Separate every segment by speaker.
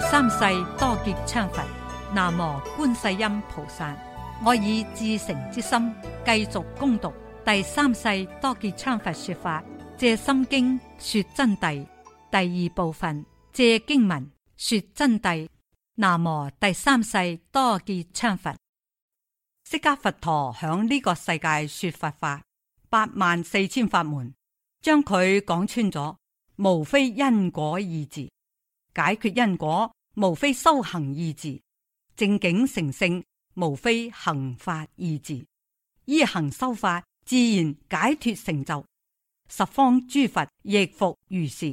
Speaker 1: 第三世多杰羌佛，南無觀世音菩薩。我以至誠之心繼續攻讀第三世多杰羌佛說法，借心經說真諦第二部分，借經文說真諦。南無第三世多杰羌佛，釋迦佛陀響呢個世界說佛法，八萬四千法門，將佢講穿咗，無非因果二字，解決因果。無非修行二字，正境成聖；無非行法二字，依行修法，自然解脫成就。十方諸佛亦復如是。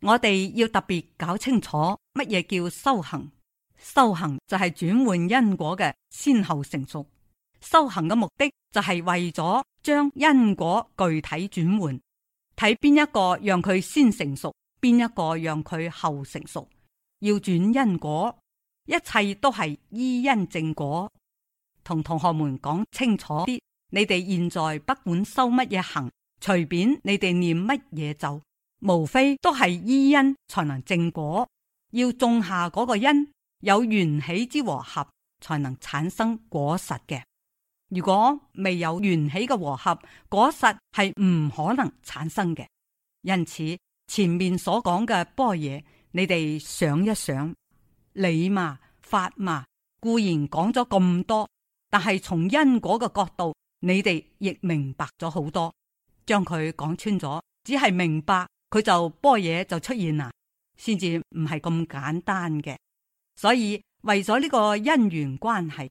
Speaker 1: 我哋要特別搞清楚乜嘢叫修行？修行就係轉換因果嘅先後成熟。修行嘅目的就係為咗將因果具體轉換，睇邊一個讓佢先成熟，邊一個讓佢後成熟。要轉因果，一切都係依因證果。同同學們講清楚啲，你哋現在不管修乜嘢行，隨便你哋念乜嘢咒，無非都係依因才能證果。要種下嗰個因，有緣起之和合，才能產生果實嘅。如果未有緣起嘅和合，果實係唔可能產生嘅。因此前面所講嘅般若。你哋想一想，理嘛法嘛固然講咗咁多，但係從因果嘅角度，你哋亦明白咗好多，將佢講穿咗，只係明白佢就般若就出現啦，先至唔係咁簡單嘅。所以為咗呢個因緣關係，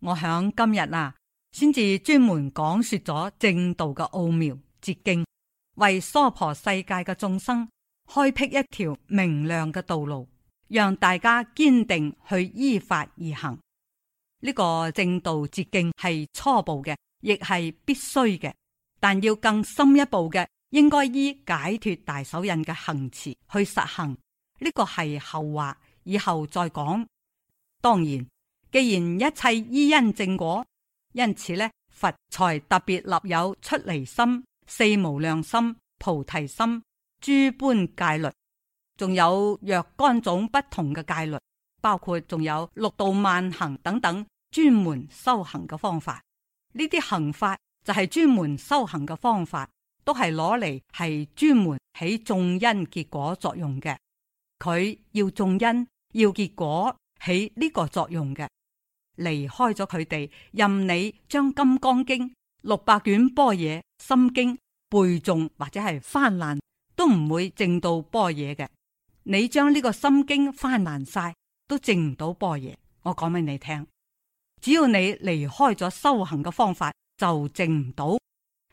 Speaker 1: 我響今日啊，先至專門講說咗正道嘅奧妙捷徑，為娑婆世界嘅眾生。開闢一條明亮嘅道路，讓大家堅定去依法而行。呢個正道捷徑係初步嘅，亦係必須嘅。但要更深一步嘅，應該依解脫大手印嘅行持去實行。呢個係後話，以後再講。當然，既然一切依因正果，因此呢，佛才特別立有出離心、四無量心、菩提心。諸般戒律，仲有若干種不同嘅戒律，包括仲有六度萬行等等專門修行嘅方法。呢啲行法就係專門修行嘅方法，都係攞嚟係專門起種因結果作用嘅。佢要種因，要結果，起呢個作用嘅。離開咗佢哋，任你將《金剛經》六百卷般若、心經背誦或者係翻爛。都唔會證到般若嘅，你將呢個心經翻爛晒都證唔到般若。我講俾你聽，只要你離開咗修行嘅方法，就證唔到。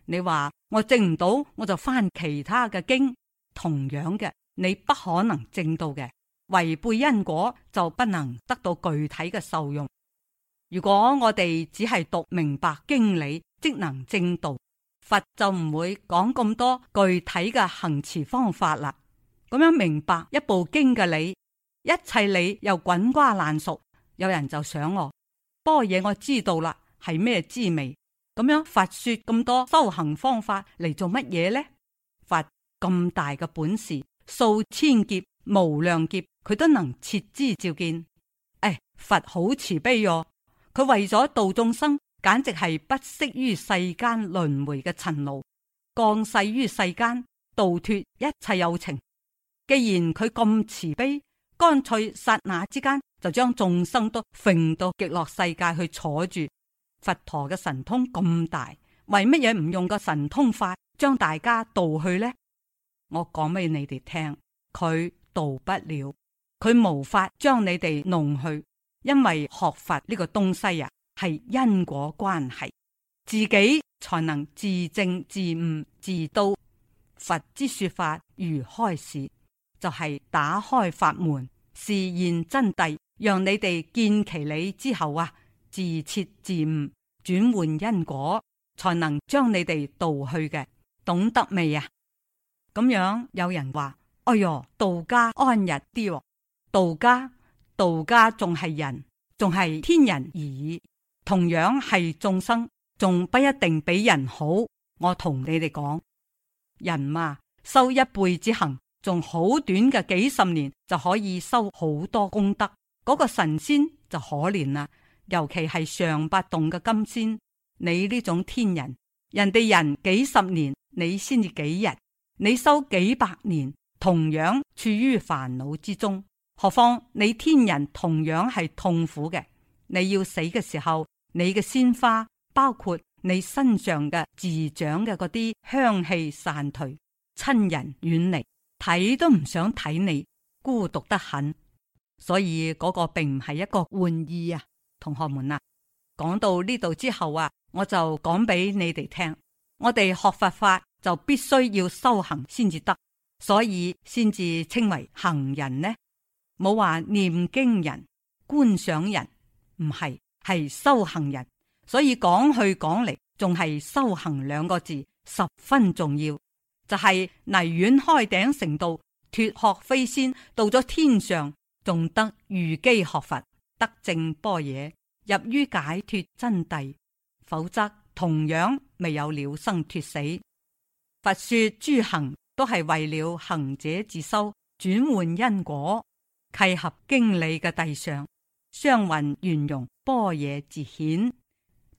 Speaker 1: 你話我證唔到，我就翻其他嘅經，同樣嘅，你不可能證到嘅。違背因果就不能得到具體嘅受用。如果我哋只係讀明白經理，即能證到。佛就唔會講咁多具體嘅行持方法啦，咁樣明白一部經嘅理，一切理又滾瓜爛熟。有人就想我，般若我知道啦，係咩滋味？咁樣佛說咁多修行方法嚟做乜嘢呢？佛咁大嘅本事，數千劫，無量劫，佢都能徹知照見。哎，佛好慈悲喲，哦，佢為咗度眾生。簡直係不息於世間輪迴嘅塵勞，降世於世間，度脫一切有情。既然佢咁慈悲，乾脆刹那之間就將眾生都揈到極樂世界去坐住。佛陀嘅神通咁大，為乜嘢唔用個神通法將大家度去呢？我講俾你哋聽，佢度不了，佢無法將你哋弄去，因為學佛呢個東西呀、啊。係因果關係，自己才能自正、自悟自度。佛之說法如開示，就係、是、打開法門，示現真諦，讓你哋見其理之後啊，自徹自悟，轉換因果，才能將你哋導去嘅。懂得未啊？咁樣有人話：，哎喲，道家安逸啲、哦，道家道家仲係人，仲係天人而已。同樣係眾生，仲不一定比人好。我同你哋講，人嘛、啊，修一輩子行，仲好短嘅幾十年就可以修好多功德。嗰、那個神仙就可憐啦，尤其係上八洞嘅金仙。你呢種天人，人哋人幾十年，你先至幾日？你修幾百年，同樣處於煩惱之中。何況你天人同樣係痛苦嘅，你要死嘅時候。你嘅鮮花包括你身上嘅自長嘅嗰啲香氣散退，親人遠離，睇都唔想睇你，孤獨得很。所以嗰個並唔係一個玩意啊，同學們啊，講到呢度之後啊，我就講俾你哋聽，我哋學佛法就必須要修行先至得，所以先至稱為行人呢，冇話念經人、觀賞人，唔係。係修行人，所以講去講嚟，仲係修行兩個字十分重要。就係、是、泥丸開頂成道，脫殼飛仙，到咗天上，仲得如機學佛，得正般若，入於解脫真諦。否則同樣未有了生脫死。佛說諸行都係為了行者自修，轉換因果，契合經理嘅地上。雙運圓融，般若自顯。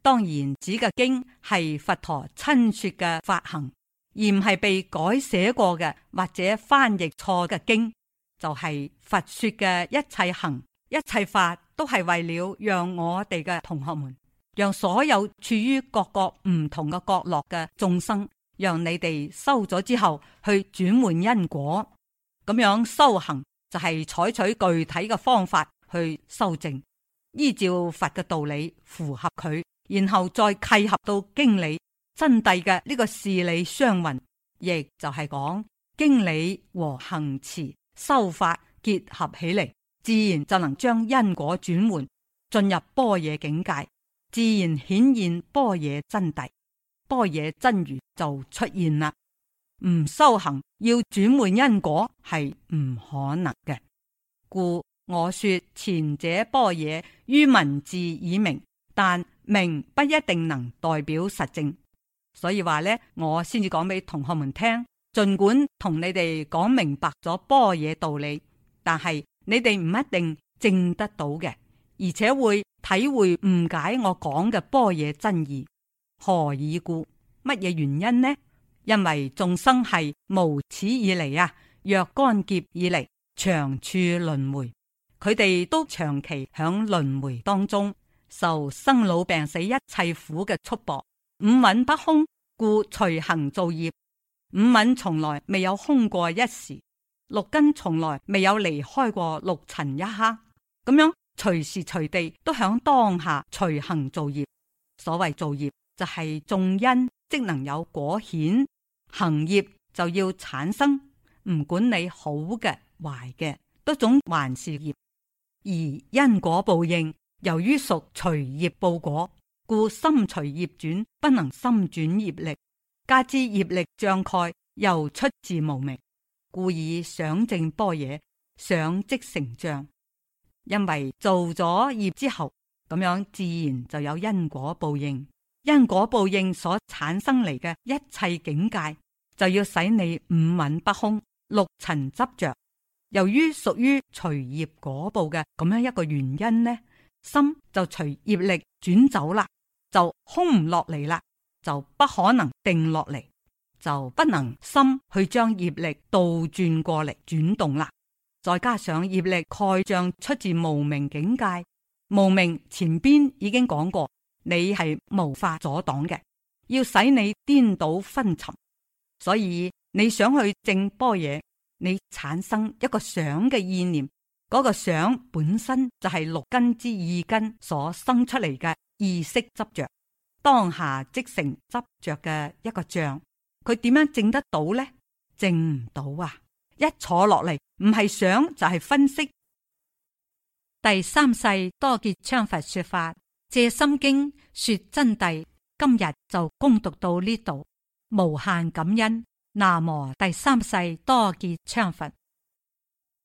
Speaker 1: 當然，指嘅經係佛陀親說嘅法行，而唔係被改寫過嘅或者翻譯錯嘅經。就係、是、佛說嘅一切行、一切法，都係為了讓我哋嘅同學們，讓所有處於各個唔同嘅角落嘅眾生，讓你哋修咗之後去轉換因果。咁樣修行就係、是、採取具體嘅方法。去修正，依照佛嘅道理符合佢，然後再契合到經理真諦嘅呢個事理相運，亦就係講經理和行持修法結合起嚟，自然就能將因果轉換進入般若境界，自然顯現般若真諦、般若真如就出現啦。唔修行要轉換因果係唔可能嘅，故。我說前者般若於文字以明，但明不一定能代表實證。所以話呢，我先至講俾同學們聽。盡管同你哋講明白咗般若道理，但係你哋唔一定證得到嘅，而且會體會誤解我講嘅般若真義。何以故？乜嘢原因呢？因為眾生係無始以嚟啊，若干劫以嚟長處輪回。佢哋都長期響輪回當中，受生老病死一切苦嘅束縛，五蘊不空，故隨行造業。五蘊從來未有空過一時，六根從來未有離開過六塵一刻，咁樣隨時隨地都響當下隨行造業。所謂造業就係、是、種因，即能有果顯行業就要產生，唔管你好嘅壞嘅，都總還是業。而因果報應，由於屬隨業報果，故心隨業轉，不能心轉業力。加之業力障蓋，又出自無明，故以想正波野，想即成障。因為做咗業之後，咁樣自然就有因果報應。因果報應所產生嚟嘅一切境界，就要使你五蘊不空，六塵執着。由於屬於隨業果報嘅咁樣一個原因呢，心就隨業力轉走啦，就空唔落嚟啦，就不可能定落嚟，就不能心去將業力倒轉過嚟轉動啦。再加上業力蓋障出自無明境界，無明前邊已經講過，你係無法阻擋嘅，要使你顛倒昏沉。所以你想去證般若。你產生一個想嘅意念，嗰、那個想本身就係六根之二根所生出嚟嘅意識執着，當下即成執着嘅一個障。佢點樣證得到呢？證唔到啊！一坐落嚟，唔係想就係分析。第三世多杰羌佛說法《藉心經》說真諦，今日就攻讀到呢度，無限感恩。南無第三世多杰羌佛。